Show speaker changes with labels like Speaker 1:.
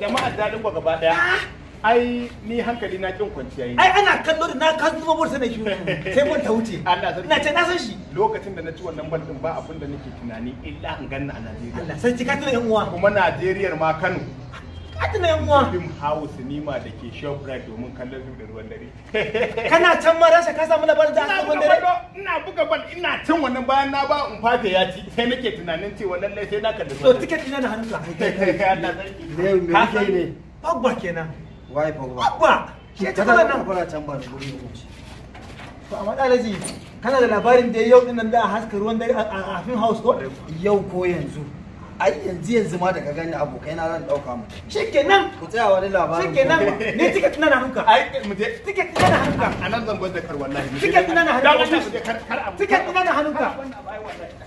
Speaker 1: jama'ar gaba ɗaya ai ni hankali na kin kwanciya yi ai ana kallo da na kan zuba bursa na shi sai ta wuce Allah sarki ce na san shi lokacin da na ci wannan ban din ba abin da nake tunani illa an ganna a Najeriya Allah sarki ka tuna yan uwa kuma Najeriyar ma Kano Alhaji na yan'uwa. House Cinema da ke Shoprite domin kallon fim da ruwan dare. Kana can ma kasa mana samu labarin da aka ruwan dare?
Speaker 2: Ina buga bal ina cin wannan bayan na ba in
Speaker 1: fata ya ci sai nake tunanin wannan lallai sai na kalli. To tiket ina da hannu ka. Ne ne yake ne? Pogba kenan. Wai Pogba. Pogba. Shi ta kana nan. Pogba can ba guri ne. To amma dalaji kana da labarin da yau dinnan da a haska ruwan dare a fin house ko? Yau ko yanzu. ai yanzu yanzu ma daga gani abokai na zan dauka mu shikenan ku tsaya wani labarin shikenan ne ticket na hanka ai mu je ticket na hanka anan zan gwada kar wallahi ticket na hanka ticket na hanka